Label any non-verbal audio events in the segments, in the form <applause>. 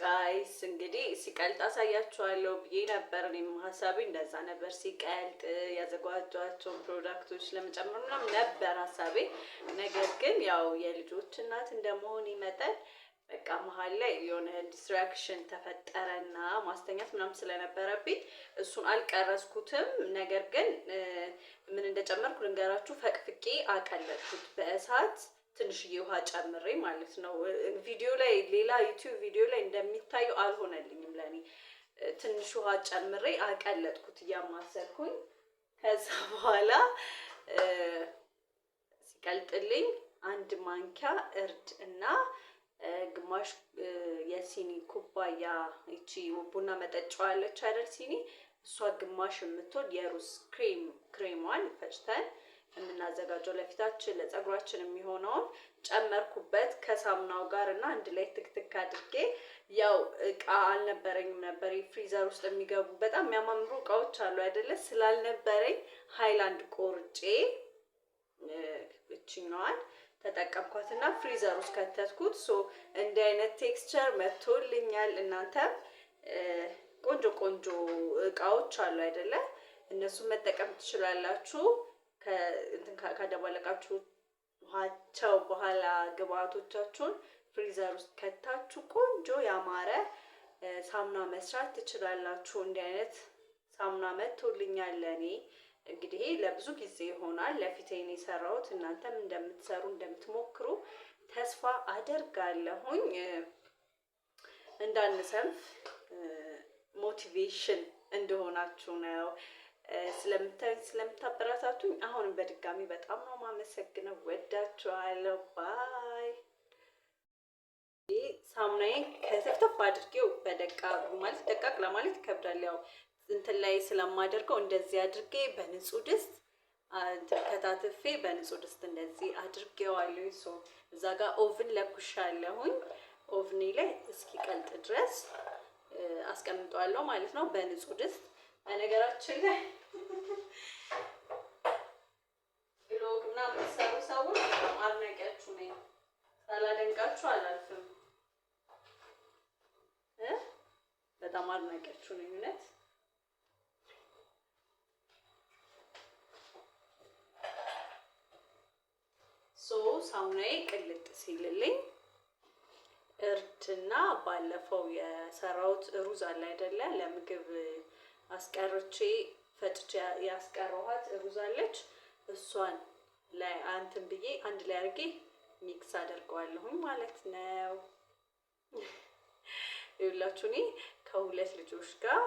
ጋይስ እንግዲህ ሲቀልጥ አሳያችኋለሁ ብዬ ነበር። እኔም ሀሳቤ እንደዛ ነበር። ሲቀልጥ ያዘጋጇቸውን ፕሮዳክቶች ለመጨመር ምናምን ነበር ሀሳቤ። ነገር ግን ያው የልጆች እናት እንደመሆን ይመጠን በቃ መሀል ላይ የሆነ ዲስትራክሽን ተፈጠረና ማስተኛት ምናምን ስለነበረብኝ እሱን አልቀረስኩትም። ነገር ግን ምን እንደጨመርኩ ልንገራችሁ። ፈቅፍቄ አቀለጥኩት በእሳት ትንሽዬ ውሃ ጨምሬ ማለት ነው። ቪዲዮ ላይ ሌላ ዩቲዩብ ቪዲዮ ላይ እንደሚታየው አልሆነልኝም ለእኔ ትንሽ ውሃ ጨምሬ አቀለጥኩት እያማሰልኩኝ። ከዛ በኋላ ሲቀልጥልኝ አንድ ማንኪያ እርድ እና ግማሽ የሲኒ ኩባያ ይቺ ቡና መጠጫ ያለች አይደል ሲኒ፣ እሷ ግማሽ የምትወድ የሩዝ ክሬም ክሬሟን ፈጭተን የምናዘጋጀው ለፊታችን ለፀጉራችን የሚሆነውን ጨመርኩበት ከሳሙናው ጋር እና አንድ ላይ ትክትክ አድርጌ ያው እቃ አልነበረኝም ነበር ፍሪዘር ውስጥ የሚገቡ በጣም የሚያማምሩ እቃዎች አሉ አይደለ ስላልነበረኝ ሃይላንድ ቆርጬ እችኛዋን ተጠቀምኳት እና ፍሪዘር ውስጥ ከተትኩት ሶ እንዲህ አይነት ቴክስቸር መጥቶልኛል እናንተም ቆንጆ ቆንጆ እቃዎች አሉ አይደለ እነሱን መጠቀም ትችላላችሁ ካደባለቃችኋቸው በኋላ ግብአቶቻችሁን ፍሪዘር ውስጥ ከታችሁ ቆንጆ ያማረ ሳሙና መስራት ትችላላችሁ። እንዲህ አይነት ሳሙና መጥቶልኛል ለእኔ እንግዲህ ለብዙ ጊዜ ይሆናል ለፊቴን የሰራሁት። እናንተም እንደምትሰሩ እንደምትሞክሩ ተስፋ አደርጋለሁኝ። እንዳንሰንፍ ሞቲቬሽን እንደሆናችሁ ነው ስለምታዩኝ ስለምታበረታቱኝ አሁንም በድጋሚ በጣም ነው ማመሰግነው። ወዳችኋለሁ። ባይ ሳሙናዬን ከተፍተፍ አድርጌው በደቃ ማለት ደቃቅ ለማለት ይከብዳል። ያው እንትን ላይ ስለማደርገው እንደዚህ አድርጌ በንጹህ ድስት ከታትፌ በንጹህ ድስት እንደዚህ አድርጌዋለሁ። ሶ እዛ ጋር ኦቭን ለኩሻለሁኝ። ኦቭኔ ላይ እስኪቀልጥ ድረስ አስቀምጠዋለሁ ማለት ነው በንጹህ ድስት በነገራችን ላይ ሳላደንቃችሁ አላልፍም። በጣም አድናቂያችሁ ነው እውነት። ሶ ሳሙናዬ ቅልጥ ሲልልኝ እርድና ባለፈው የሰራሁት ሩዝ አለ አይደለ? ለምግብ አስቀርቼ ፈጭቼ ያስቀረኋት ሩዝ አለች። እሷን ላይ አንትን ብዬ አንድ ላይ አድርጌ ሚክስ አደርገዋለሁም ማለት ነው። ይኸውላችሁ እኔ ከሁለት ልጆች ጋር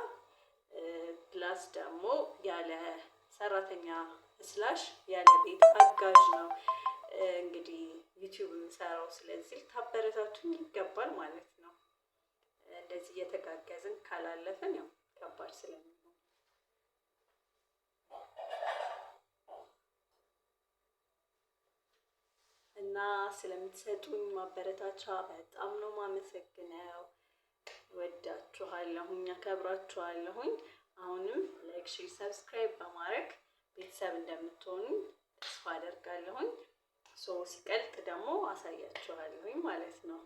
ፕላስ ደግሞ ያለ ሰራተኛ ስላሽ ያለ ቤት አጋዥ ነው እንግዲህ ዩቲዩብ የምሰራው። ስለዚህ ታበረታቱኝ ይገባል ማለት ነው። እንደዚህ እየተጋገዝን ካላለፍን ያው ከባድ ስለሚ ስለምትሰጡኝ ማበረታቻ በጣም ነው ማመሰግነው። ወዳችኋለሁኝ፣ ያከብራችኋለሁኝ። አሁንም ላይክ፣ ሼር፣ ሰብስክራይብ በማድረግ ቤተሰብ እንደምትሆኑ ተስፋ አደርጋለሁኝ። ሶ ሲቀልጥ ደግሞ አሳያችኋለሁኝ ማለት ነው።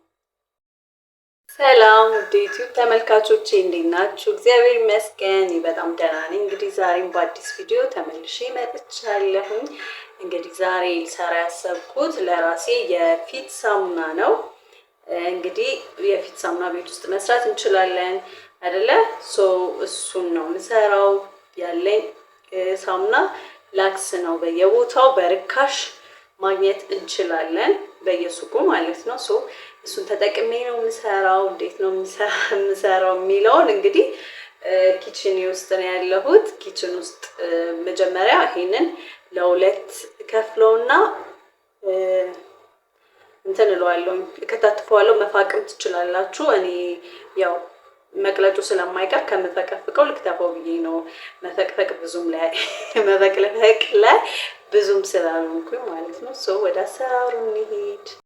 ሰላም ውድ ዩቲዩብ ተመልካቾቼ እንዴት ናችሁ? እግዚአብሔር ይመስገን በጣም ደህና ነኝ። እንግዲህ ዛሬም በአዲስ ቪዲዮ ተመልሼ መጥቻለሁኝ። እንግዲህ ዛሬ ልሰራ ያሰብኩት ለራሴ የፊት ሳሙና ነው። እንግዲህ የፊት ሳሙና ቤት ውስጥ መስራት እንችላለን አይደለ? ሶ እሱን ነው ምሰራው። ያለኝ ሳሙና ላክስ ነው በየቦታው በርካሽ ማግኘት እንችላለን በየሱቁ ማለት ነው። ሶ እሱን ተጠቅሜ ነው የምሰራው፣ እንዴት ነው <laughs> የምሰራው የሚለውን እንግዲህ ኪችን ውስጥ ነው ያለሁት። ኪችን ውስጥ መጀመሪያ ይሄንን ለሁለት ከፍለውና እንትን እለዋለሁ እከታትፈዋለሁ። መፋቅም ትችላላችሁ። እኔ ያው መቅለጡ ስለማይቀር ከምፈቅ ነው መፈቅፈቅ ብዙም ላይ <laughs> መበቅለቅ ላይ ብዙም ስላልሆንኩኝ ማለት ነው። ወደ አሰራሩ እንሂድ።